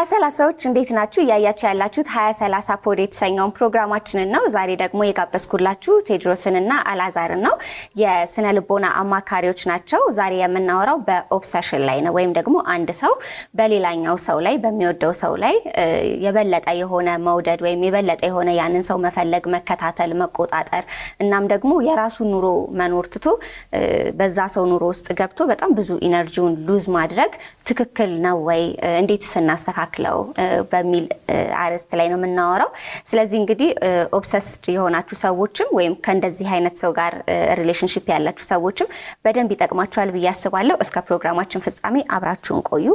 ሀያ ሰላሳዎች እንዴት ናችሁ? እያያችሁ ያላችሁት ሀያ ሰላሳ ፖድ የተሰኘውን ፕሮግራማችንን ነው። ዛሬ ደግሞ የጋበዝኩላችሁ ቴድሮስንና አላዛርን ነው። የስነ ልቦና አማካሪዎች ናቸው። ዛሬ የምናወራው በኦብሰሽን ላይ ነው፣ ወይም ደግሞ አንድ ሰው በሌላኛው ሰው ላይ በሚወደው ሰው ላይ የበለጠ የሆነ መውደድ ወይም የበለጠ የሆነ ያንን ሰው መፈለግ፣ መከታተል፣ መቆጣጠር እናም ደግሞ የራሱን ኑሮ መኖር ትቶ በዛ ሰው ኑሮ ውስጥ ገብቶ በጣም ብዙ ኢነርጂውን ሉዝ ማድረግ ትክክል ነው ወይ? እንዴት ስናስተካከል አስተካክለው በሚል አርዕስት ላይ ነው የምናወራው። ስለዚህ እንግዲህ ኦብሰስድ የሆናችሁ ሰዎችም ወይም ከእንደዚህ አይነት ሰው ጋር ሪሌሽንሽፕ ያላችሁ ሰዎችም በደንብ ይጠቅማችኋል ብዬ አስባለሁ። እስከ ፕሮግራማችን ፍጻሜ አብራችሁን ቆዩ።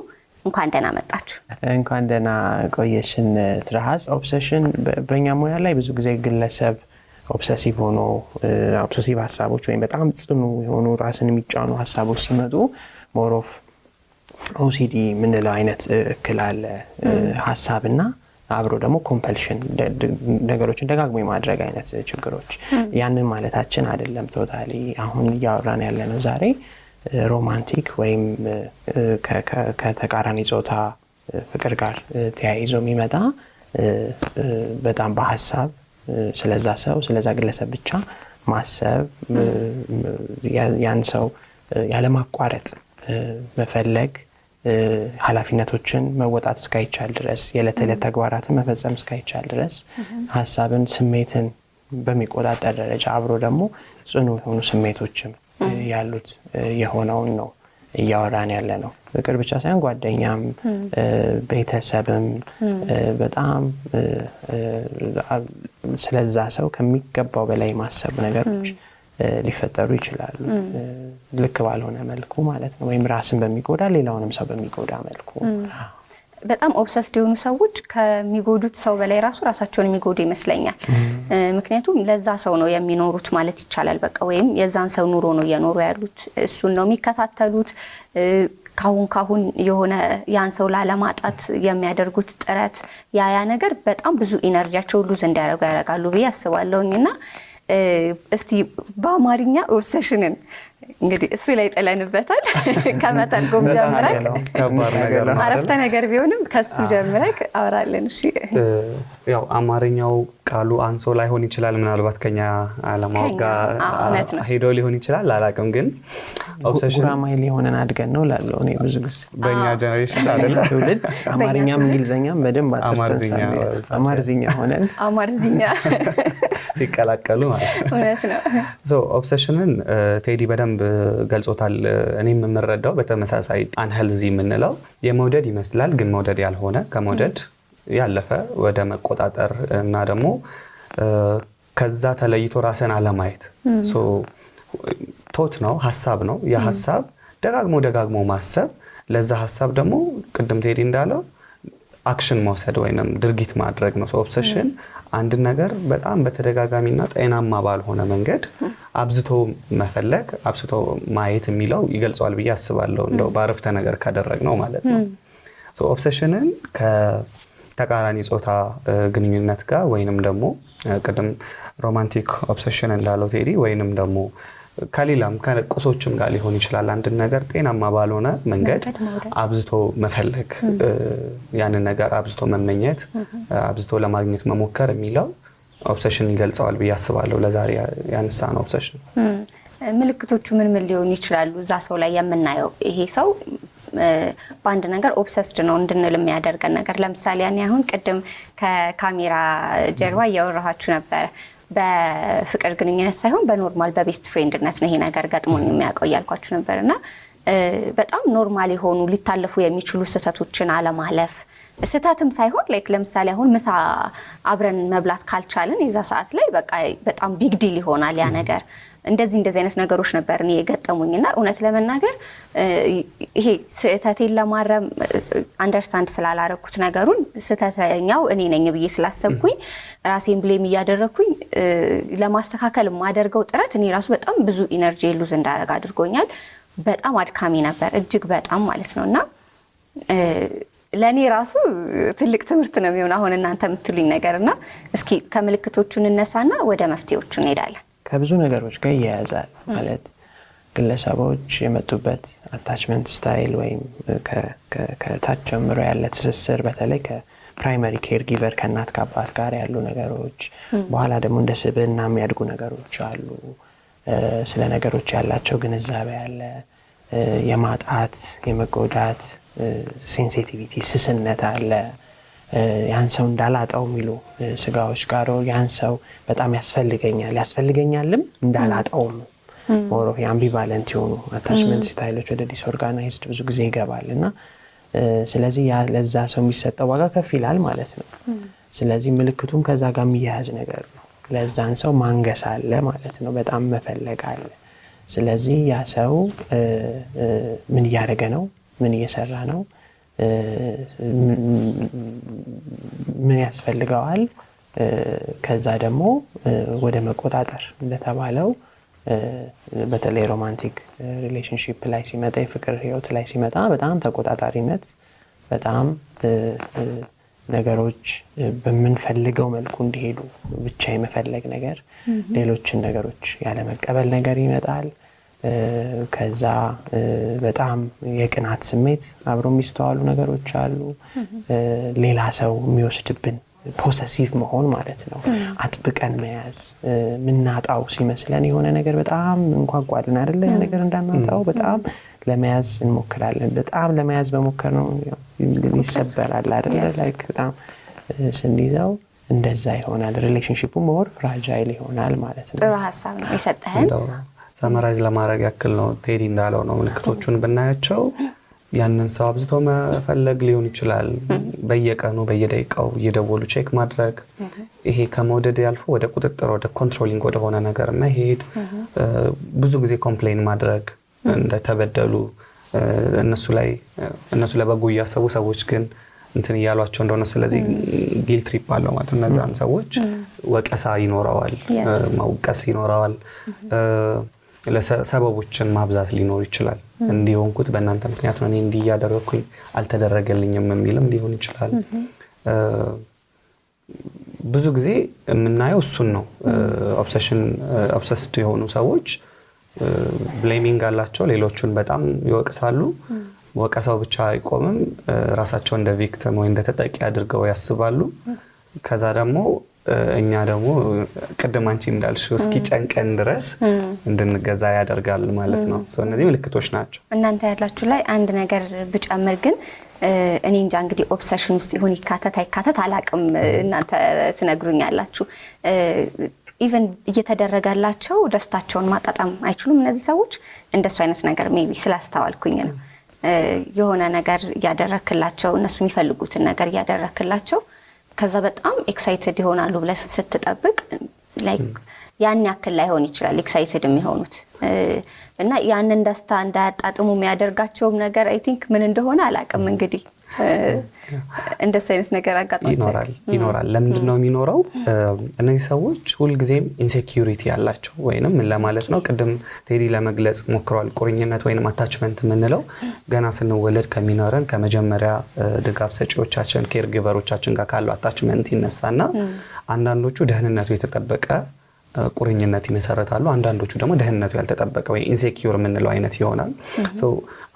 እንኳን ደህና መጣችሁ። እንኳን ደህና ቆየሽን ትርሃስ። ኦብሰሽን በእኛ ሙያ ላይ ብዙ ጊዜ ግለሰብ ኦብሰሲቭ ሆኖ ኦብሰሲቭ ሀሳቦች ወይም በጣም ጽኑ የሆኑ ራስን የሚጫኑ ሀሳቦች ሲመጡ ሞሮፍ ኦሲዲ የምንለው አይነት እክል አለ። ሀሳብና አብሮ ደግሞ ኮምፐልሽን ነገሮችን ደጋግሞ የማድረግ አይነት ችግሮች። ያንን ማለታችን አይደለም። ቶታሊ አሁን እያወራን ነው ዛሬ ሮማንቲክ ወይም ከተቃራኒ ፆታ ፍቅር ጋር ተያይዞ የሚመጣ በጣም በሀሳብ ስለዛ ሰው ስለዛ ግለሰብ ብቻ ማሰብ ያን ሰው ያለማቋረጥ መፈለግ ኃላፊነቶችን መወጣት እስካይቻል ድረስ የዕለት ተዕለት ተግባራትን መፈጸም እስካይቻል ድረስ ሀሳብን፣ ስሜትን በሚቆጣጠር ደረጃ አብሮ ደግሞ ጽኑ የሆኑ ስሜቶችም ያሉት የሆነውን ነው እያወራን ያለ ነው። ፍቅር ብቻ ሳይሆን ጓደኛም፣ ቤተሰብም በጣም ስለዛ ሰው ከሚገባው በላይ ማሰብ ነገሮች ሊፈጠሩ ይችላሉ። ልክ ባልሆነ መልኩ ማለት ነው። ወይም ራስን በሚጎዳ ሌላውንም ሰው በሚጎዳ መልኩ በጣም ኦብሰስድ የሆኑ ሰዎች ከሚጎዱት ሰው በላይ ራሱ ራሳቸውን የሚጎዱ ይመስለኛል። ምክንያቱም ለዛ ሰው ነው የሚኖሩት ማለት ይቻላል። በቃ ወይም የዛን ሰው ኑሮ ነው እየኖሩ ያሉት። እሱን ነው የሚከታተሉት። ካሁን ካሁን የሆነ ያን ሰው ላለማጣት የሚያደርጉት ጥረት ያያ ነገር በጣም ብዙ ኢነርጂያቸው ሉዝ እንዲያደርጉ ያደርጋሉ ብዬ አስባለሁኝ እና እስቲ በአማርኛ ኦብሰሽንን እንግዲህ እሱ ላይ ጥለንበታል። ከመተርጎም ጀምረክ አረፍተ ነገር ቢሆንም ከሱ ጀምረክ አውራለን። እሺ ያው አማርኛው ቃሉ አንሶ ላይሆን ይችላል። ምናልባት ከኛ አለማወቅ ጋር ሄዶ ሊሆን ይችላል። አላውቅም፣ ግን ጉራማይሌ የሆነን አድገን ነው ላለው እኔ ብዙ ጊዜ በእኛ ጀኔሬሽን አለ ትውልድ አማርኛም እንግሊዝኛም በደንብ አማርዝኛ ሆነን አማርዝኛ ሲቀላቀሉ ማለት ነው። ኦብሴሽንን ቴዲ በደንብ በደንብ ገልጾታል። እኔም የምንረዳው በተመሳሳይ አንሄልዚ የምንለው የመውደድ ይመስላል፣ ግን መውደድ ያልሆነ ከመውደድ ያለፈ ወደ መቆጣጠር እና ደግሞ ከዛ ተለይቶ ራስን አለማየት ቶት ነው፣ ሀሳብ ነው። ሀሳብ ደጋግሞ ደጋግሞ ማሰብ ለዛ ሀሳብ ደግሞ ቅድም ቴዲ እንዳለው አክሽን መውሰድ ወይም ድርጊት ማድረግ ነው። ኦብሰሽን አንድን ነገር በጣም በተደጋጋሚና ጤናማ ባልሆነ መንገድ አብዝቶ መፈለግ አብዝቶ ማየት የሚለው ይገልጸዋል ብዬ አስባለሁ። እንደው በአረፍተ ነገር ካደረግ ነው ማለት ነው። ኦብሴሽንን ከተቃራኒ ጾታ ግንኙነት ጋር ወይንም ደግሞ ቅድም ሮማንቲክ ኦብሴሽን እንዳለው ቴዲ ወይንም ደግሞ ከሌላም ከቁሶችም ጋር ሊሆን ይችላል። አንድን ነገር ጤናማ ባልሆነ መንገድ አብዝቶ መፈለግ፣ ያንን ነገር አብዝቶ መመኘት፣ አብዝቶ ለማግኘት መሞከር የሚለው ኦብሴሽን ይገልጸዋል ብዬ አስባለሁ። ለዛሬ ያነሳ ነው ኦብሰሽን። ምልክቶቹ ምን ምን ሊሆኑ ይችላሉ? እዛ ሰው ላይ የምናየው ይሄ ሰው በአንድ ነገር ኦብሰስድ ነው እንድንል የሚያደርገን ነገር፣ ለምሳሌ ያኔ አሁን ቅድም ከካሜራ ጀርባ እያወራኋችሁ ነበረ በፍቅር ግንኙነት ሳይሆን በኖርማል በቤስት ፍሬንድነት ነው ይሄ ነገር ገጥሞን የሚያውቀው እያልኳችሁ ነበር። እና በጣም ኖርማል የሆኑ ሊታለፉ የሚችሉ ስህተቶችን አለማለፍ ስህተትም ሳይሆን ላይክ ለምሳሌ አሁን ምሳ አብረን መብላት ካልቻልን የዛ ሰዓት ላይ በቃ በጣም ቢግ ዲል ይሆናል ያ ነገር እንደዚህ እንደዚህ አይነት ነገሮች ነበር እኔ የገጠሙኝና እውነት ለመናገር ይሄ ስህተቴን ለማረም አንደርስታንድ ስላላረኩት ነገሩን ስህተተኛው እኔ ነኝ ብዬ ስላሰብኩኝ ራሴን ብሌም እያደረግኩኝ ለማስተካከል የማደርገው ጥረት እኔ ራሱ በጣም ብዙ ኢነርጂ ሉዝ እንዳደረግ አድርጎኛል። በጣም አድካሚ ነበር፣ እጅግ በጣም ማለት ነው እና ለእኔ ራሱ ትልቅ ትምህርት ነው የሚሆን አሁን እናንተ የምትሉኝ ነገር እና እስኪ ከምልክቶቹ እንነሳና ወደ መፍትሄዎቹ እንሄዳለን። ከብዙ ነገሮች ጋር ይያያዛል። ማለት ግለሰቦች የመጡበት አታችመንት ስታይል ወይም ከታች ጀምሮ ያለ ትስስር በተለይ ከፕራይመሪ ኬር ጊቨር ከእናት ከአባት ጋር ያሉ ነገሮች፣ በኋላ ደግሞ እንደ ስብና የሚያድጉ ነገሮች አሉ። ስለ ነገሮች ያላቸው ግንዛቤ አለ። የማጣት የመጎዳት ሴንሲቲቪቲ ስስነት አለ። ያን ሰው እንዳላጣው የሚሉ ስጋዎች ጋር ያን ሰው በጣም ያስፈልገኛል ያስፈልገኛልም እንዳላጣውም ሞሮ የአምቢቫለንት የሆኑ አታችመንት ስታይሎች ወደ ዲስኦርጋናይዝድ ብዙ ጊዜ ይገባል እና ስለዚህ ለዛ ሰው የሚሰጠው ዋጋ ከፍ ይላል ማለት ነው። ስለዚህ ምልክቱም ከዛ ጋር የሚያያዝ ነገር ነው። ለዛን ሰው ማንገስ አለ ማለት ነው። በጣም መፈለግ አለ። ስለዚህ ያ ሰው ምን እያደረገ ነው? ምን እየሰራ ነው? ምን ያስፈልገዋል? ከዛ ደግሞ ወደ መቆጣጠር እንደተባለው በተለይ ሮማንቲክ ሪሌሽንሽፕ ላይ ሲመጣ የፍቅር ህይወት ላይ ሲመጣ በጣም ተቆጣጣሪነት፣ በጣም ነገሮች በምንፈልገው መልኩ እንዲሄዱ ብቻ የመፈለግ ነገር፣ ሌሎችን ነገሮች ያለመቀበል ነገር ይመጣል። ከዛ በጣም የቅናት ስሜት አብሮ የሚስተዋሉ ነገሮች አሉ። ሌላ ሰው የሚወስድብን ፖሰሲቭ መሆን ማለት ነው። አጥብቀን መያዝ ምናጣው ሲመስለን የሆነ ነገር በጣም እንጓጓለን አደለ? ያ ነገር እንዳናጣው በጣም ለመያዝ እንሞክራለን። በጣም ለመያዝ በሞከር ነው ይሰበራል አደለ? ላይክ በጣም ስንይዘው እንደዛ ይሆናል። ሪሌሽንሽፑ መወር ፍራጃይል ይሆናል ማለት ነው። ጥሩ ሀሳብ ነው የሰጠህን። ሰመራይዝ ለማድረግ ያክል ነው። ቴዲ እንዳለው ነው ምልክቶቹን ብናያቸው ያንን ሰው አብዝቶ መፈለግ ሊሆን ይችላል። በየቀኑ በየደቂቃው እየደወሉ ቼክ ማድረግ ይሄ ከመውደድ ያልፎ ወደ ቁጥጥር ወደ ኮንትሮሊንግ ወደሆነ ነገር መሄድ፣ ብዙ ጊዜ ኮምፕሌን ማድረግ እንደተበደሉ እነሱ ላይ እነሱ ለበጎ እያሰቡ ሰዎች ግን እንትን እያሏቸው እንደሆነ ስለዚህ ጊል ትሪፕ አለው ማለት እነዛን ሰዎች ወቀሳ ይኖረዋል፣ መውቀስ ይኖረዋል። ሰበቦችን ማብዛት ሊኖር ይችላል። እንዲሆንኩት በእናንተ ምክንያት ነው፣ እኔ እንዲህ እያደረግኩኝ አልተደረገልኝም የሚልም ሊሆን ይችላል። ብዙ ጊዜ የምናየው እሱን ነው። ኦብሰስድ የሆኑ ሰዎች ብሌሚንግ አላቸው፣ ሌሎቹን በጣም ይወቅሳሉ። ወቀሳው ብቻ አይቆምም፣ ራሳቸው እንደ ቪክቲም ወይ እንደ ተጠቂ አድርገው ያስባሉ። ከዛ ደግሞ እኛ ደግሞ ቅድም አንቺ እንዳልሽው እስኪ ጨንቀን ድረስ እንድንገዛ ያደርጋል ማለት ነው። እነዚህ ምልክቶች ናቸው። እናንተ ያላችሁ ላይ አንድ ነገር ብጨምር ግን እኔ እንጃ እንግዲህ ኦብሰሽን ውስጥ ይሁን ይካተት አይካተት አላቅም። እናንተ ትነግሩኛላችሁ። ኢቨን እየተደረገላቸው ደስታቸውን ማጣጣም አይችሉም እነዚህ ሰዎች። እንደሱ አይነት ነገር ሜይ ቢ ስላስተዋልኩኝ ነው። የሆነ ነገር እያደረክላቸው እነሱ የሚፈልጉትን ነገር እያደረክላቸው ከዛ በጣም ኤክሳይትድ ይሆናሉ ብለህ ስትጠብቅ ያን ያክል ላይሆን ይችላል ኤክሳይትድ የሚሆኑት እና ያንን ደስታ እንዳያጣጥሙ የሚያደርጋቸውም ነገር አይ ቲንክ ምን እንደሆነ አላውቅም እንግዲህ እንደሱ አይነት ነገር አጋጥሞ ይኖራል ለምንድን ነው የሚኖረው? እነዚህ ሰዎች ሁልጊዜም ኢንሴኪሪቲ ያላቸው ወይም ምን ለማለት ነው፣ ቅድም ቴዲ ለመግለጽ ሞክረዋል። ቁርኝነት ወይም አታችመንት የምንለው ገና ስንወለድ ከሚኖረን ከመጀመሪያ ድጋፍ ሰጪዎቻችን ኬርጊቨሮቻችን ጋር ካለው አታችመንት ይነሳና አንዳንዶቹ ደህንነቱ የተጠበቀ ቁርኝነት ይመሰረታሉ። አንዳንዶቹ ደግሞ ደህንነቱ ያልተጠበቀ ወይ ኢንሴኪር የምንለው አይነት ይሆናል።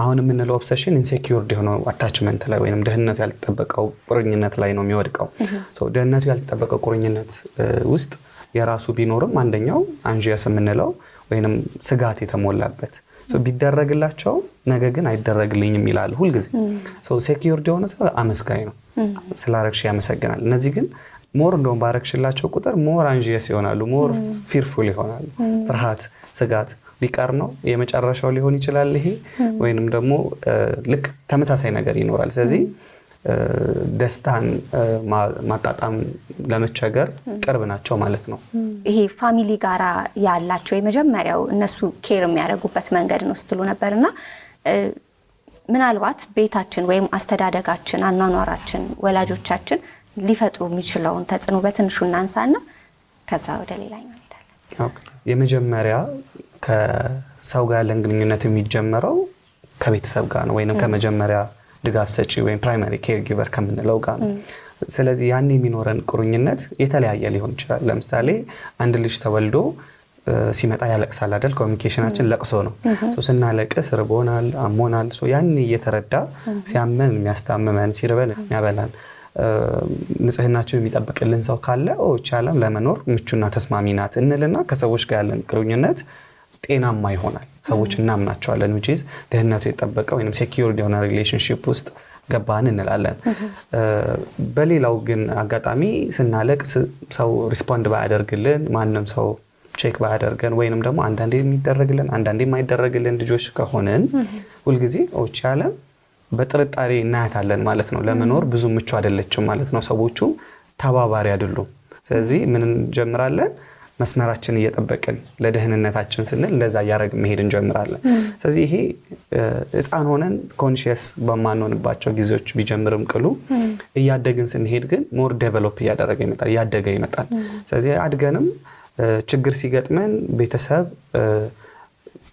አሁን የምንለው ኦብሰሽን ኢንሴኪር የሆነው አታችመንት ላይ ወይም ደህንነቱ ያልተጠበቀው ቁርኝነት ላይ ነው የሚወድቀው። ደህንነቱ ያልተጠበቀው ቁርኝነት ውስጥ የራሱ ቢኖርም አንደኛው አንዥያስ የምንለው ወይም ስጋት የተሞላበት ቢደረግላቸው ነገ ግን አይደረግልኝም ይላል ሁልጊዜ። ሴኪር የሆነ ሰው አመስጋኝ ነው፣ ስላረግሽ ያመሰግናል። እነዚህ ግን ሞር እንደውም ባረግሽላቸው ቁጥር ሞር አንዥየስ ይሆናሉ፣ ሞር ፊርፉል ይሆናሉ። ፍርሃት፣ ስጋት ሊቀር ነው የመጨረሻው ሊሆን ይችላል ይሄ ወይንም ደግሞ ልክ ተመሳሳይ ነገር ይኖራል። ስለዚህ ደስታን ማጣጣም ለመቸገር ቅርብ ናቸው ማለት ነው። ይሄ ፋሚሊ ጋራ ያላቸው የመጀመሪያው እነሱ ኬር የሚያደርጉበት መንገድ ነው ስትሉ ነበር እና ምናልባት ቤታችን ወይም አስተዳደጋችን፣ አኗኗራችን፣ ወላጆቻችን ሊፈጥሩ የሚችለውን ተጽዕኖ በትንሹ እናንሳና ከዛ ወደ ሌላኛው እንሄዳለን። የመጀመሪያ ከሰው ጋር ያለን ግንኙነት የሚጀመረው ከቤተሰብ ጋር ነው ወይም ከመጀመሪያ ድጋፍ ሰጪ ወይም ፕራይማሪ ኬር ጊቨር ከምንለው ጋር ነው። ስለዚህ ያን የሚኖረን ቁርኝነት የተለያየ ሊሆን ይችላል። ለምሳሌ አንድ ልጅ ተወልዶ ሲመጣ ያለቅሳል አይደል? ኮሚኒኬሽናችን ለቅሶ ነው። ስናለቅስ ርቦናል፣ አሞናል፣ ያን እየተረዳ ሲያመን የሚያስታምመን ሲርበን የሚያበላን ንጽህናችን የሚጠብቅልን ሰው ካለ ይህች ዓለም ለመኖር ምቹና ተስማሚ ናት እንልና ከሰዎች ጋር ያለን ግንኙነት ጤናማ ይሆናል። ሰዎች እናምናቸዋለን። ዊችዝ ደህንነቱ የጠበቀ ወይም ሴኪር የሆነ ሪሌሽንሽፕ ውስጥ ገባን እንላለን። በሌላው ግን አጋጣሚ ስናለቅ ሰው ሪስፖንድ ባያደርግልን፣ ማንም ሰው ቼክ ባያደርገን ወይንም ደግሞ አንዳንዴ የሚደረግልን አንዳንዴ የማይደረግልን ልጆች ከሆንን ሁልጊዜ ይህች ዓለም በጥርጣሬ እናያታለን ማለት ነው። ለመኖር ብዙ ምቹ አይደለችም ማለት ነው። ሰዎቹ ተባባሪ አይደሉም። ስለዚህ ምን እንጀምራለን? መስመራችን እየጠበቅን ለደህንነታችን ስንል ለዛ እያደረግ መሄድ እንጀምራለን። ስለዚህ ይሄ ህፃን ሆነን ኮንሽየስ በማንሆንባቸው ጊዜዎች ቢጀምርም ቅሉ እያደግን ስንሄድ ግን ሞር ዴቨሎፕ እያደረገ ይመጣል፣ እያደገ ይመጣል። ስለዚህ አድገንም ችግር ሲገጥመን ቤተሰብ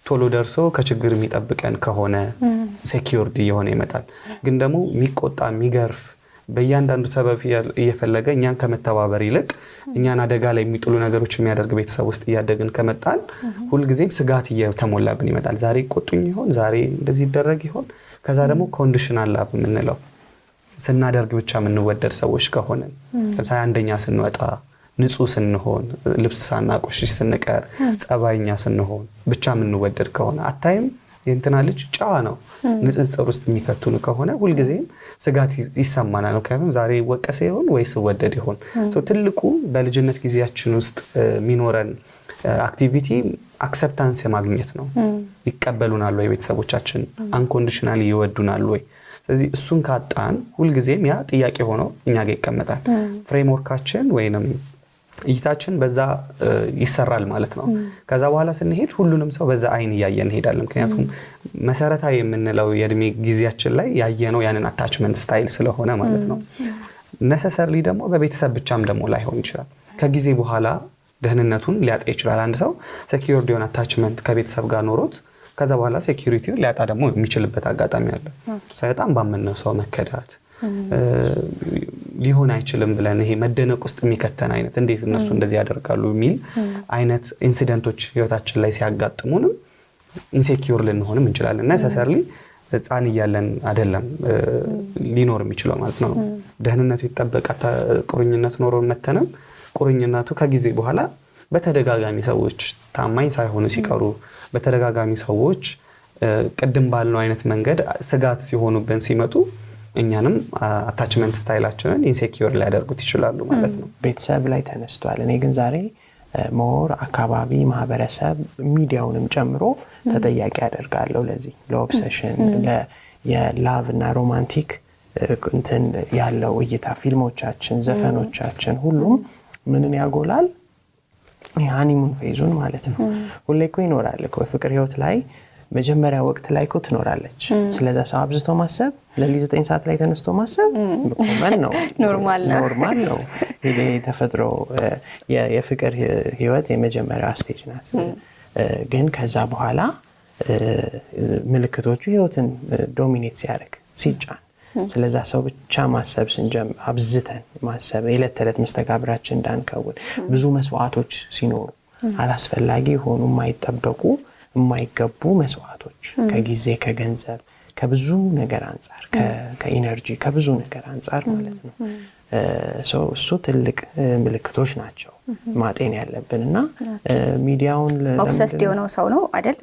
ቶሎ ደርሶ ከችግር የሚጠብቀን ከሆነ ሴኪውርድ እየሆነ ይመጣል። ግን ደግሞ የሚቆጣ የሚገርፍ በእያንዳንዱ ሰበብ እየፈለገ እኛን ከመተባበር ይልቅ እኛን አደጋ ላይ የሚጥሉ ነገሮች የሚያደርግ ቤተሰብ ውስጥ እያደግን ከመጣን ሁልጊዜም ስጋት እየተሞላብን ይመጣል። ዛሬ ቁጡኝ ይሆን? ዛሬ እንደዚህ ይደረግ ይሆን? ከዛ ደግሞ ኮንዲሽናል ላቭ የምንለው ስናደርግ ብቻ የምንወደድ ሰዎች ከሆነን ለምሳሌ አንደኛ ስንወጣ ንጹህ ስንሆን ልብስ ሳናቆሽሽ ስንቀር ጸባይኛ ስንሆን ብቻ የምንወደድ ከሆነ አታይም የእንትና ልጅ ጨዋ ነው ንጽጽር ውስጥ የሚከቱን ከሆነ ሁልጊዜም ስጋት ይሰማናል። ምክንያቱም ዛሬ ወቀሰ ይሆን ወይስ ወደድ ይሆን? ትልቁ በልጅነት ጊዜያችን ውስጥ የሚኖረን አክቲቪቲ አክሰፕታንስ የማግኘት ነው። ይቀበሉናል ወይ ቤተሰቦቻችን? አንኮንዲሽናል ይወዱናል ወይ? ስለዚህ እሱን ካጣን ሁልጊዜም ያ ጥያቄ ሆኖ እኛ ጋ ይቀመጣል። ፍሬምወርካችን ወይንም እይታችን በዛ ይሰራል ማለት ነው። ከዛ በኋላ ስንሄድ ሁሉንም ሰው በዛ አይን እያየ እንሄዳለን። ምክንያቱም መሰረታዊ የምንለው የእድሜ ጊዜያችን ላይ ያየነው ያንን አታችመንት ስታይል ስለሆነ ማለት ነው። ነሰሰርሊ ደግሞ በቤተሰብ ብቻም ደግሞ ላይሆን ይችላል። ከጊዜ በኋላ ደህንነቱን ሊያጣ ይችላል። አንድ ሰው ሴኪዩርድ የሆነ አታችመንት ከቤተሰብ ጋር ኖሮት ከዛ በኋላ ሴኪዩሪቲውን ሊያጣ ደግሞ የሚችልበት አጋጣሚ አለ። በጣም ባመነው ሰው መከዳት ሊሆን አይችልም ብለን ይሄ መደነቅ ውስጥ የሚከተን አይነት እንዴት እነሱ እንደዚህ ያደርጋሉ የሚል አይነት ኢንሲደንቶች ህይወታችን ላይ ሲያጋጥሙንም ኢንሴኪር ልንሆንም እንችላለን። ነሰሰርሊ ህፃን እያለን አይደለም ሊኖር የሚችለው ማለት ነው። ደህንነቱ ይጠበቃ ቁርኝነት ኖሮ መተንም ቁርኝነቱ ከጊዜ በኋላ በተደጋጋሚ ሰዎች ታማኝ ሳይሆኑ ሲቀሩ በተደጋጋሚ ሰዎች ቅድም ባልነው አይነት መንገድ ስጋት ሲሆኑብን ሲመጡ እኛንም አታችመንት ስታይላችንን ኢንሴኪር ሊያደርጉት ይችላሉ ማለት ነው። ቤተሰብ ላይ ተነስቷል። እኔ ግን ዛሬ ሞር አካባቢ፣ ማህበረሰብ፣ ሚዲያውንም ጨምሮ ተጠያቂ አደርጋለሁ ለዚህ ለኦብሰሽን የላቭ እና ሮማንቲክ እንትን ያለው እይታ ፊልሞቻችን፣ ዘፈኖቻችን ሁሉም ምንን ያጎላል? የሀኒሙን ፌዙን ማለት ነው። ሁሌ እኮ ይኖራል እኮ ፍቅር ህይወት ላይ መጀመሪያ ወቅት ላይ እኮ ትኖራለች። ስለዛ ሰው አብዝቶ ማሰብ ለሊት ዘጠኝ ሰዓት ላይ ተነስቶ ማሰብ መን ነው ኖርማል ነው። የተፈጥሮ የፍቅር ህይወት የመጀመሪያው ስቴጅ ናት። ግን ከዛ በኋላ ምልክቶቹ ህይወትን ዶሚኔት ሲያደርግ ሲጫን ስለዛ ሰው ብቻ ማሰብ ስንጀምር አብዝተን ማሰብ የዕለት ተዕለት መስተጋብራችን እንዳንከውን ብዙ መስዋዕቶች ሲኖሩ አላስፈላጊ የሆኑ የማይጠበቁ የማይገቡ መስዋዕቶች ከጊዜ ከገንዘብ ከብዙ ነገር አንጻር ከኢነርጂ ከብዙ ነገር አንጻር ማለት ነው። እሱ ትልቅ ምልክቶች ናቸው ማጤን ያለብን እና ሚዲያውን ኦብሰስድ የሆነው ሰው ነው አደል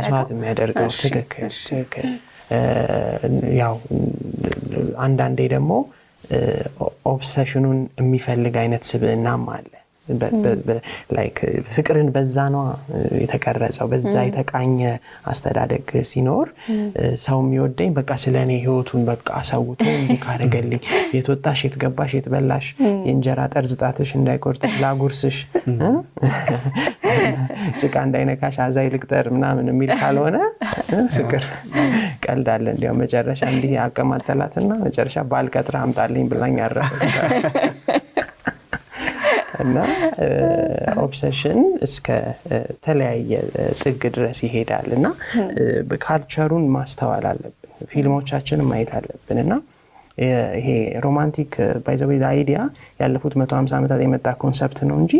መስዋዕት የሚያደርገው ትክክል ትክክል። ያው አንዳንዴ ደግሞ ኦብሰሽኑን የሚፈልግ አይነት ስብዕናም አለ ፍቅርን በዛ ነው የተቀረጸው። በዛ የተቃኘ አስተዳደግ ሲኖር ሰው የሚወደኝ በቃ ስለ እኔ ህይወቱን በቃ አሰውቶ እንዲካረገልኝ የትወጣሽ የትገባሽ የትበላሽ የእንጀራ ጠርዝ ጣትሽ እንዳይቆርጥሽ ላጉርስሽ፣ ጭቃ እንዳይነካሽ አዛይ ልቅጠር ምናምን የሚል ካልሆነ ፍቅር ቀልዳለ አለ። እንዲያው መጨረሻ እንዲህ አቀማጠላትና መጨረሻ ባል አምጣልኝ ብላኝ አረፈ። እና ኦብሰሽን እስከ ተለያየ ጥግ ድረስ ይሄዳል እና ካልቸሩን ማስተዋል አለብን፣ ፊልሞቻችን ማየት አለብን እና ይሄ ሮማንቲክ ባይዘዌ አይዲያ ያለፉት 150 ዓመታት የመጣ ኮንሰፕት ነው እንጂ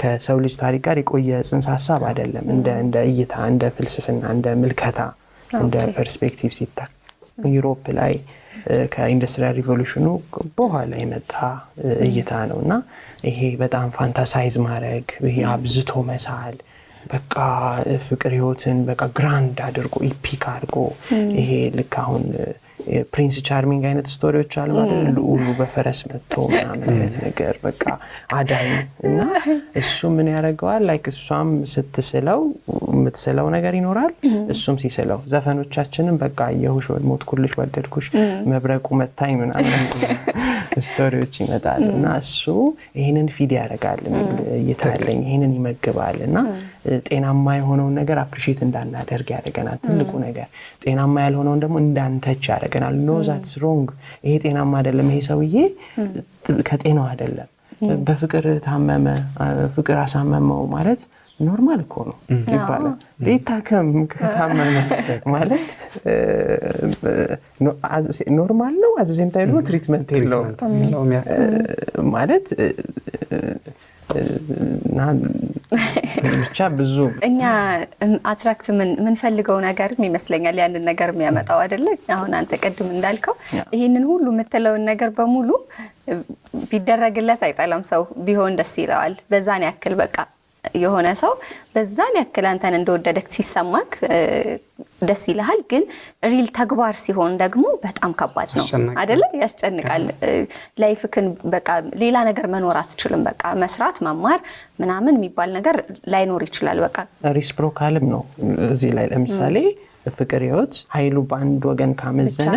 ከሰው ልጅ ታሪክ ጋር የቆየ ጽንሰ ሀሳብ አይደለም። እንደ እይታ፣ እንደ ፍልስፍና፣ እንደ ምልከታ፣ እንደ ፐርስፔክቲቭ ሲታ ዩሮፕ ላይ ከኢንዱስትሪያል ሪቮሉሽኑ በኋላ የመጣ እይታ ነው እና ይሄ በጣም ፋንታሳይዝ ማድረግ ይሄ አብዝቶ መሳል በቃ ፍቅር ህይወትን በቃ ግራንድ አድርጎ ኢፒክ አድርጎ ይሄ ልክ አሁን ፕሪንስ ቻርሚንግ አይነት ስቶሪዎች አለ ልዑሉ በፈረስ መጥቶ ምናምን አይነት ነገር በቃ አዳኝ እና እሱ ምን ያደርገዋል ላይክ እሷም ስትስለው የምትስለው ነገር ይኖራል እሱም ሲስለው ዘፈኖቻችንም በቃ አየሁሽ፣ ሞትኩልሽ፣ ወደድኩሽ፣ መብረቁ መታኝ ምናምን ስቶሪዎች ይመጣሉ እና እሱ ይህንን ፊድ ያደርጋል የሚል ይህንን ይመግባል እና ጤናማ የሆነውን ነገር አፕሪሼት እንዳናደርግ ያደርገናል። ትልቁ ነገር ጤናማ ያልሆነውን ደግሞ እንዳንተች ያደርገናል። ኖ ሮንግ፣ ይሄ ጤናማ አይደለም፣ ይሄ ሰውዬ ከጤናው አይደለም። በፍቅር ታመመ፣ ፍቅር አሳመመው ማለት ኖርማል እኮ ነው ይባላል። ይታከም ከታመመ ማለት ኖርማል ነው። አዘዜም ታይ ደግሞ ትሪትመንት የለውም ማለት ብቻ ብዙ እኛ አትራክት የምንፈልገው ነገርም ይመስለኛል ያንን ነገር የሚያመጣው አይደለ? አሁን አንተ ቅድም እንዳልከው ይህንን ሁሉ የምትለውን ነገር በሙሉ ቢደረግለት አይጠላም ሰው ቢሆን ደስ ይለዋል። በዛን ያክል በቃ የሆነ ሰው በዛን ያክል አንተን እንደወደደክ ሲሰማክ ደስ ይልሃል። ግን ሪል ተግባር ሲሆን ደግሞ በጣም ከባድ ነው አደለ? ያስጨንቃል። ላይፍክን በቃ ሌላ ነገር መኖር አትችልም። በቃ መስራት፣ መማር ምናምን የሚባል ነገር ላይኖር ይችላል። በቃ ሪስፕሮካልም ነው እዚህ ላይ ለምሳሌ ፍቅር ህይወት ኃይሉ በአንድ ወገን ካመዘነ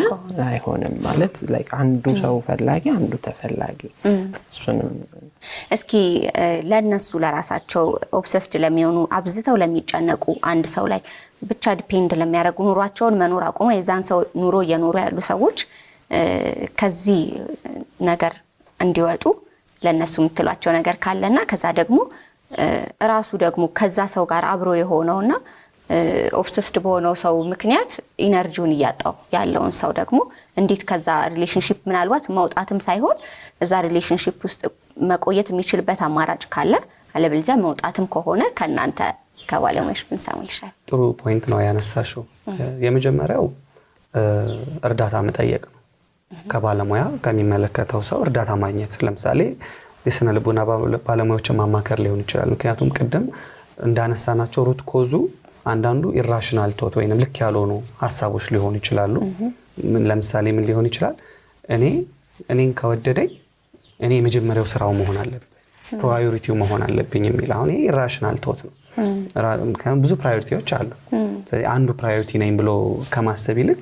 አይሆንም ማለት አንዱ ሰው ፈላጊ አንዱ ተፈላጊ እሱንም እስኪ ለእነሱ ለራሳቸው ኦብሰስድ ለሚሆኑ አብዝተው ለሚጨነቁ አንድ ሰው ላይ ብቻ ዲፔንድ ለሚያደርጉ ኑሯቸውን መኖር አቁሞ የዛን ሰው ኑሮ እየኖሩ ያሉ ሰዎች ከዚህ ነገር እንዲወጡ ለእነሱ የምትሏቸው ነገር ካለና ከዛ ደግሞ እራሱ ደግሞ ከዛ ሰው ጋር አብሮ የሆነውና ኦብሰስድ በሆነው ሰው ምክንያት ኢነርጂውን እያጣው ያለውን ሰው ደግሞ እንዴት ከዛ ሪሌሽንሽፕ ምናልባት መውጣትም ሳይሆን እዛ ሪሌሽንሽፕ ውስጥ መቆየት የሚችልበት አማራጭ ካለ አለበለዚያ መውጣትም ከሆነ ከእናንተ ከባለሙያዎች ብንሰማ ይሻል። ጥሩ ፖይንት ነው ያነሳሽው። የመጀመሪያው እርዳታ መጠየቅ ነው። ከባለሙያ ከሚመለከተው ሰው እርዳታ ማግኘት፣ ለምሳሌ የስነ ልቡና ባለሙያዎችን ማማከር ሊሆን ይችላል። ምክንያቱም ቅድም እንዳነሳናቸው ሩት ኮዙ አንዳንዱ ኢራሽናል ቶት ወይም ልክ ያልሆኑ ሀሳቦች ሊሆኑ ይችላሉ። ለምሳሌ ምን ሊሆን ይችላል? እኔ እኔን ከወደደኝ እኔ የመጀመሪያው ስራው መሆን አለብኝ፣ ፕራዮሪቲው መሆን አለብኝ የሚል አሁን ይሄ ኢራሽናል ቶት ነው። ብዙ ፕራዮሪቲዎች አሉ። ስለዚህ አንዱ ፕራዮሪቲ ነኝ ብሎ ከማሰብ ይልቅ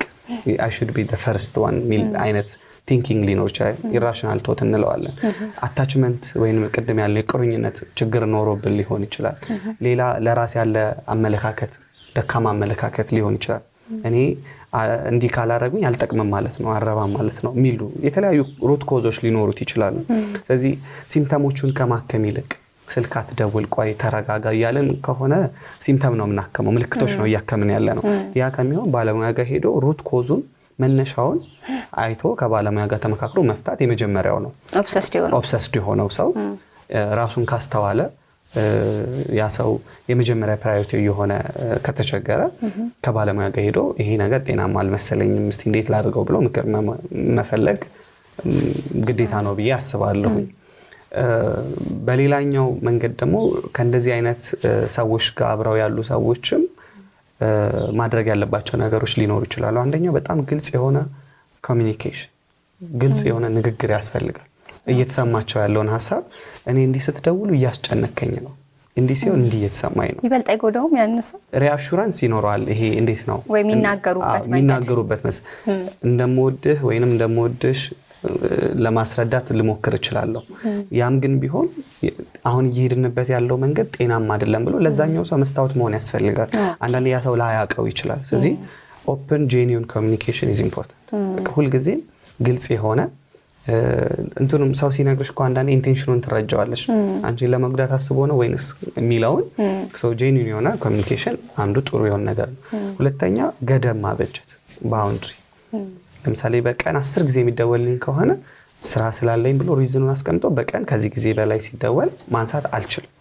አይ ሹድ ቢ ፈርስት ዋን የሚል አይነት ቲንኪንግ ሊኖር ይችላል። ኢራሽናል ቶት እንለዋለን። አታችመንት ወይም ቅድም ያለው የቁርኝነት ችግር ኖሮብን ሊሆን ይችላል። ሌላ ለራስ ያለ አመለካከት፣ ደካማ አመለካከት ሊሆን ይችላል። እኔ እንዲህ ካላረጉኝ አልጠቅምም ማለት ነው፣ አረባም ማለት ነው የሚሉ የተለያዩ ሩት ኮዞች ሊኖሩት ይችላሉ። ስለዚህ ሲምተሞቹን ከማከም ይልቅ ስልክ አትደውል፣ ቆይ ተረጋጋ እያለን ከሆነ ሲምተም ነው የምናከመው፣ ምልክቶች ነው እያከምን ያለ ነው። ያ ከሚሆን ባለሙያ ጋር ሄዶ ሩት ኮዙን መነሻውን አይቶ ከባለሙያ ጋር ተመካክሮ መፍታት የመጀመሪያው ነው። ኦብሰስድ የሆነው ሰው ራሱን ካስተዋለ ያ ሰው የመጀመሪያ ፕራዮሪቲ የሆነ ከተቸገረ ከባለሙያ ጋር ሄዶ ይሄ ነገር ጤናማ አልመሰለኝም፣ እስኪ እንዴት ላድርገው ብሎ ምክር መፈለግ ግዴታ ነው ብዬ አስባለሁኝ። በሌላኛው መንገድ ደግሞ ከእንደዚህ አይነት ሰዎች ጋር አብረው ያሉ ሰዎችም ማድረግ ያለባቸው ነገሮች ሊኖሩ ይችላሉ። አንደኛው በጣም ግልጽ የሆነ ኮሚኒኬሽን፣ ግልጽ የሆነ ንግግር ያስፈልጋል። እየተሰማቸው ያለውን ሀሳብ እኔ እንዲህ ስትደውሉ እያስጨነከኝ ነው እንዲህ ሲሆን እንዲህ እየተሰማኝ ነው። ይበልጥ አይጎዳውም? ያንሰ ሪአሹራንስ ይኖረዋል። ይሄ እንዴት ነው የሚናገሩበት መስ እንደምወድህ ወይም እንደምወድሽ ለማስረዳት ልሞክር እችላለሁ። ያም ግን ቢሆን አሁን እየሄድንበት ያለው መንገድ ጤናም አይደለም ብሎ ለዛኛው ሰው መስታወት መሆን ያስፈልጋል። አንዳንድ ያ ሰው ላያውቀው ይችላል። ስለዚህ ኦፕን ጄኒውን ኮሚኒኬሽን ኢዝ ኢምፖርታንት። ሁልጊዜም ግልጽ የሆነ እንትኑም ሰው ሲነግርሽ እኮ አንዳንዴ ኢንቴንሽኑን ትረጃዋለች። አንቺ ለመጉዳት አስቦ ነው ወይንስ የሚለውን ሰው ጄኒን የሆነ ኮሚኒኬሽን አንዱ ጥሩ የሆነ ነገር ነው። ሁለተኛ ገደብ ማበጀት ባውንድሪ። ለምሳሌ በቀን አስር ጊዜ የሚደወልኝ ከሆነ ስራ ስላለኝ ብሎ ሪዝኑን አስቀምጦ በቀን ከዚህ ጊዜ በላይ ሲደወል ማንሳት አልችልም።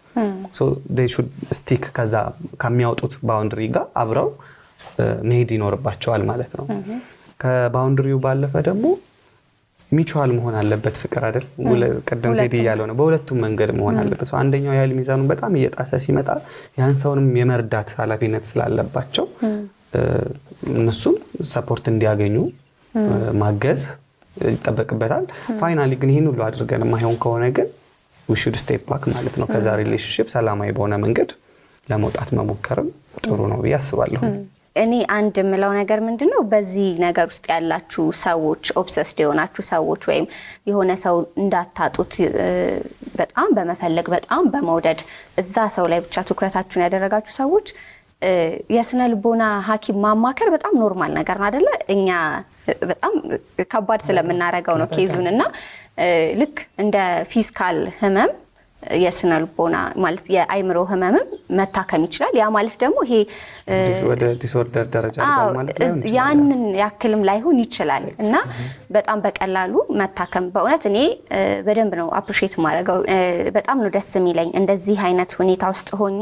ስቲክ ከዛ ከሚያወጡት ባውንድሪ ጋር አብረው መሄድ ይኖርባቸዋል ማለት ነው። ከባውንድሪው ባለፈ ደግሞ ሚቹዋል መሆን አለበት ፍቅር አይደል? ቀደም ቴዲ እያለው ነው። በሁለቱም መንገድ መሆን አለበት። አንደኛው የኃይል ሚዛኑን በጣም እየጣሰ ሲመጣ ያን ሰውንም የመርዳት ኃላፊነት ስላለባቸው እነሱም ሰፖርት እንዲያገኙ ማገዝ ይጠበቅበታል። ፋይናሊ ግን ይህን ሁሉ አድርገን ማይሆን ከሆነ ግን ዊሹድ ስቴፕ ባክ ማለት ነው። ከዛ ሪሌሽንሽፕ ሰላማዊ በሆነ መንገድ ለመውጣት መሞከርም ጥሩ ነው ብዬ አስባለሁ። እኔ አንድ የምለው ነገር ምንድን ነው፣ በዚህ ነገር ውስጥ ያላችሁ ሰዎች፣ ኦብሰስድ የሆናችሁ ሰዎች ወይም የሆነ ሰው እንዳታጡት በጣም በመፈለግ በጣም በመውደድ እዛ ሰው ላይ ብቻ ትኩረታችሁን ያደረጋችሁ ሰዎች የስነ ልቦና ሐኪም ማማከር በጣም ኖርማል ነገር ነው አደለ? እኛ በጣም ከባድ ስለምናረገው ነው ኬዙን እና ልክ እንደ ፊስካል ህመም የስነ ልቦና ማለት የአይምሮ ህመምም መታከም ይችላል። ያ ማለት ደግሞ ይሄ ወደ ዲስኦርደር ደረጃ ያንን ያክልም ላይሆን ይችላል እና በጣም በቀላሉ መታከም በእውነት እኔ በደንብ ነው አፕሪሼት ማድረገው። በጣም ነው ደስ የሚለኝ እንደዚህ አይነት ሁኔታ ውስጥ ሆኜ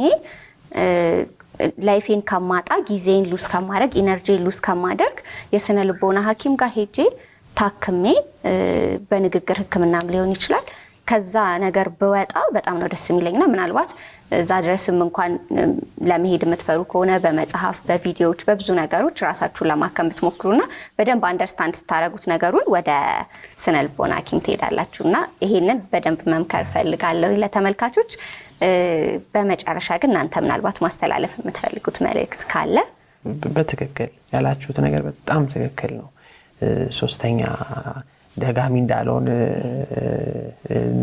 ላይፌን ከማጣ ጊዜን ሉስ ከማድረግ ኢነርጂን ሉስ ከማደርግ የስነ ልቦና ሐኪም ጋር ሄጄ ታክሜ በንግግር ህክምናም ሊሆን ይችላል ከዛ ነገር ብወጣ በጣም ነው ደስ የሚለኝና ምናልባት እዛ ድረስም እንኳን ለመሄድ የምትፈሩ ከሆነ በመጽሐፍ፣ በቪዲዮዎች፣ በብዙ ነገሮች ራሳችሁን ለማከም ብትሞክሩና በደንብ አንደርስታንድ ስታደረጉት ነገሩን ወደ ስነ ልቦና ሐኪም ትሄዳላችሁ እና ይሄንን በደንብ መምከር ፈልጋለሁ ለተመልካቾች። በመጨረሻ ግን እናንተ ምናልባት ማስተላለፍ የምትፈልጉት መልእክት ካለ። በትክክል ያላችሁት ነገር በጣም ትክክል ነው። ሶስተኛ ደጋሚ እንዳልሆን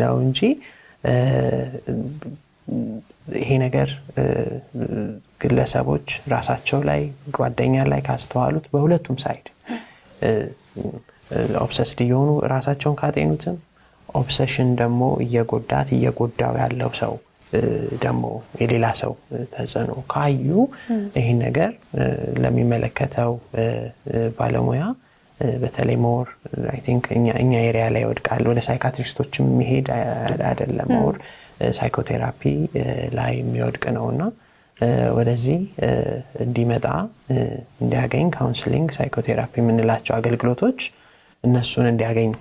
ነው እንጂ ይሄ ነገር ግለሰቦች ራሳቸው ላይ ጓደኛ ላይ ካስተዋሉት በሁለቱም ሳይድ ኦብሰስድ እየሆኑ ራሳቸውን ካጤኑትም ኦብሰሽን ደግሞ እየጎዳት እየጎዳው ያለው ሰው ደግሞ የሌላ ሰው ተጽዕኖ ካዩ ይህን ነገር ለሚመለከተው ባለሙያ በተለይ ሞር እኛ ኤሪያ ላይ ይወድቃል። ወደ ሳይካትሪስቶች የሚሄድ አይደለም ሞር ሳይኮቴራፒ ላይ የሚወድቅ ነው እና ወደዚህ እንዲመጣ እንዲያገኝ ካውንስሊንግ፣ ሳይኮቴራፒ የምንላቸው አገልግሎቶች እነሱን እንዲያገኝ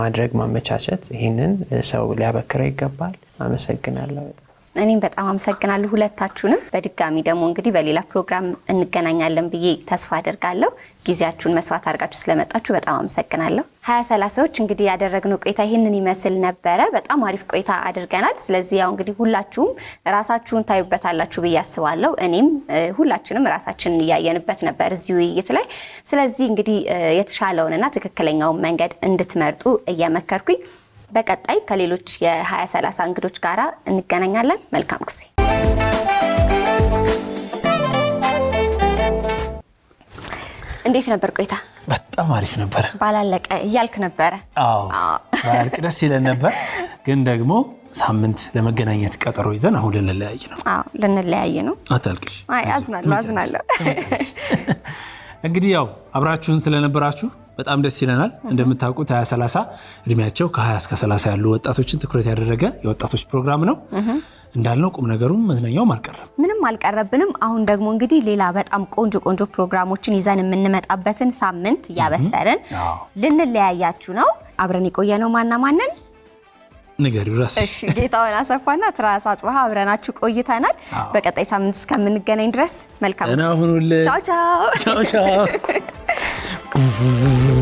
ማድረግ ማመቻቸት፣ ይህንን ሰው ሊያበክረው ይገባል። አመሰግናለሁ በጣም እኔም በጣም አመሰግናለሁ ሁለታችሁንም። በድጋሚ ደግሞ እንግዲህ በሌላ ፕሮግራም እንገናኛለን ብዬ ተስፋ አደርጋለሁ። ጊዜያችሁን መስዋዕት አድርጋችሁ ስለመጣችሁ በጣም አመሰግናለሁ። ሀያ ሰላሳዎች እንግዲህ ያደረግነው ቆይታ ይህንን ይመስል ነበረ። በጣም አሪፍ ቆይታ አድርገናል። ስለዚህ ያው እንግዲህ ሁላችሁም ራሳችሁን ታዩበታላችሁ ብዬ አስባለሁ። እኔም ሁላችንም ራሳችንን እያየንበት ነበር እዚህ ውይይት ላይ። ስለዚህ እንግዲህ የተሻለውንና ትክክለኛውን መንገድ እንድትመርጡ እየመከርኩኝ በቀጣይ ከሌሎች የ2030 እንግዶች ጋር እንገናኛለን። መልካም ጊዜ። እንዴት ነበር ቆይታ? በጣም አሪፍ ነበር። ባላለቀ እያልክ ነበረ። ባያልቅ ደስ ይለን ነበር፣ ግን ደግሞ ሳምንት ለመገናኘት ቀጠሮ ይዘን አሁን ልንለያይ ነው። ልንለያይ ነው። አታልቅሽ። አዝናለሁ አዝናለሁ። እንግዲህ ያው አብራችሁን ስለነበራችሁ በጣም ደስ ይለናል። እንደምታውቁት 20 30 እድሜያቸው ከ20 እስከ 30 ያሉ ወጣቶችን ትኩረት ያደረገ የወጣቶች ፕሮግራም ነው። እንዳልነው ቁም ነገሩም መዝናኛውም አልቀረም፣ ምንም አልቀረብንም። አሁን ደግሞ እንግዲህ ሌላ በጣም ቆንጆ ቆንጆ ፕሮግራሞችን ይዘን የምንመጣበትን ሳምንት እያበሰርን ልንለያያችሁ ነው። አብረን የቆየ ነው ማና ማንን ንገሪው ራስ። እሺ ጌታውን አሰፋና ትራስ አጽባህ አብረናችሁ ቆይተናል። በቀጣይ ሳምንት እስከምንገናኝ ድረስ መልካም ቻው ቻው ቻው ቻው Mm-hmm.